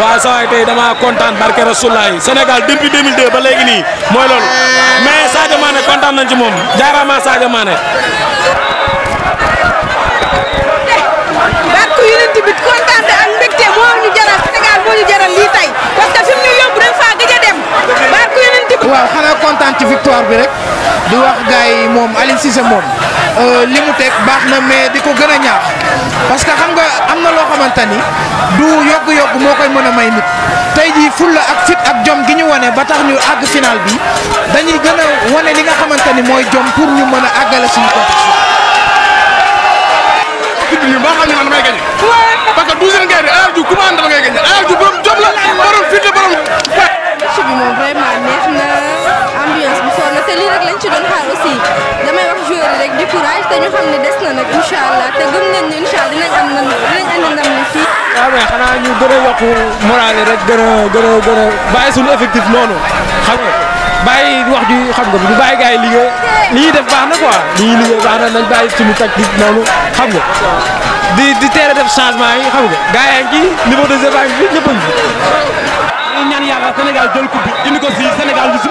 waaw saa waay tey barke Rasulaay Sénégal depuis 2002 ba léegi nii mooy loolu mais Sadio Mané kontaan nañ ci moom jaaraama Sadio Mané. barke yonent bi kontaan ak mbégte moo ñu jaral Sénégal moo ñu jaral lii tey parce que fi mu dañ faa gëj dem barke yonent bi. waaw ci victoire bi rek di wax euh, mais ñaax parce que xam nga. xamante ni du yogg-yogg moo koy mën a may nit tey jii fulla ak fit ak jom gi ñu wane ba tax ñu àgg final bi dañuy gën a wane li nga xamante ni mooy jom pour ñu mën a àggale suñu ko lañ ci doon xaar aussi damay wax joueur yi rek du courage te ñu xam ne des na nag incha allah te gëm nañ ne incha allah dinañ am nan dinañ andi ndam li fii. waaw ah mais xanaa ñu gën a yokk moral yi rek gën a gën a gën a bàyyi suñu effectif noonu xam nga bàyyi wax ju xam nga du bàyyi gars yi liggéey li ñuy def baax na quoi li ñuy liggéey baax na nañ bàyyi suñu tactique noonu xam nga di di teel a def changement yi xam nga gars yaa ngi ci niveau de zéro bi ñëpp a ngi fi. ñaan yàlla Sénégal jël coupe bi indi ko si Sénégal bi su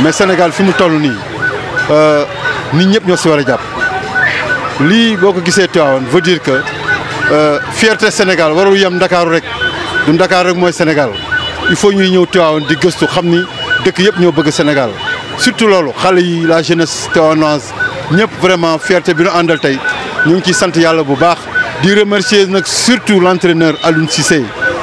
mais Sénégal fi mu toll nii euh, nit ñëpp ñoo si war a jàpp lii boo ko gisee Tivaouane veut dire que euh, fierte Sénégal warul yem Ndakaaru rek du Ndakaar rek mooy Sénégal il faut ñuy ñëw Tivaouane di gëstu xam ni dëkk yëpp ñoo bëgg Sénégal surtout loolu xale yi la jeunesse tivaouanoise ñëpp vraiment fierté bi ñu àndal tey ñu ngi ciy sant yàlla bu baax di remercier nag surtout l' entraîneur Alioune Cissé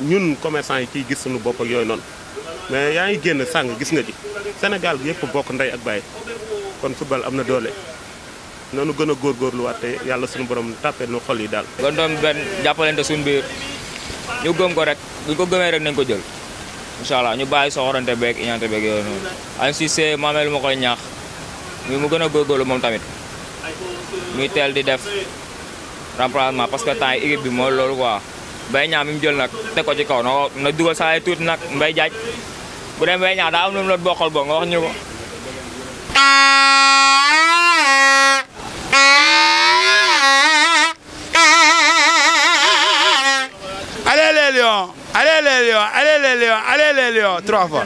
ñun commerçant yi ciy gis suñu bopp yooyu noonu mais yaa ngi génn sàng gis nga ji Sénégal gi yëpp bokk ndey ak bàyyi kon football am na doole noonu gën a góorgóorluwaat te yàlla suñu borom tàppee nu xol yi daal. kon doom benn jàppalante suñu biir ñu gëm ko rek bu ñu ko gëmee rek nañ ko jël incha allah ñu bàyyi soxorante beeg iñaante beeg yooyu noonu. Aliou Cissé maamee lu ma koy ñaax muy mu gën a góorgóorlu moom tamit muy teel di def remplacement parce que temps yi bi mooy loolu quoi. Mbaye Niang mi mu jël nag teg ko ci kaw na ko na dugal saa yi tuuti nag Mbaye Jaaj bu dee Mbaye Niang daa am lu mu la bokkal boo nga wax ñu ko. allez les lions allez les lions allez les lions allez les lions trois fois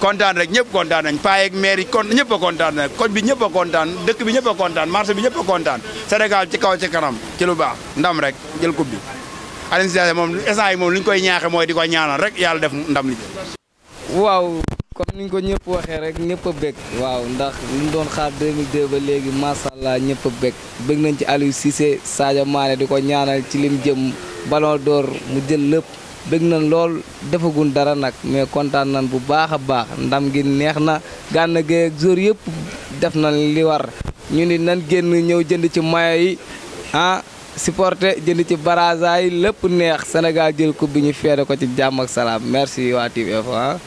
kontaan rek ñëpp kontaan nañ paa yeeg maire yi kon ñëpp a kontaan nañ koñ bi ñëpp a kontaan dëkk bi ñëpp a kontaan marché bi ñëpp a kontaan Sénégal ci kaw ci kanam ci lu baax ndam rek jël coupe bi. Alioune Cissé moom instant yi moom li ñu koy ñaaxe mooy di ko ñaanal rek yàlla def ndam li waaw comme ni ko ñëpp waxee rek ñëpp a waaw ndax li doon xaar 2002 ba léegi macha allah ñëpp a bëgg bëgg nañ ci Aliou Cissé Sadio Mané di ko ñaanal ci lim jëm Ballon d'Or mu jël lépp bëgg nañ lool defagul dara nag mais kontaan nañ bu baax a baax ndam gi neex na gànn gee ak jour yëpp def nañ li war ñu ni nan génn ñëw jënd ci mayo yi ah supporter jënd ci barazaay lépp neex Sénégal jël coupe bi ñu feere ko ci jàmm ak salaam merci waa Tiv info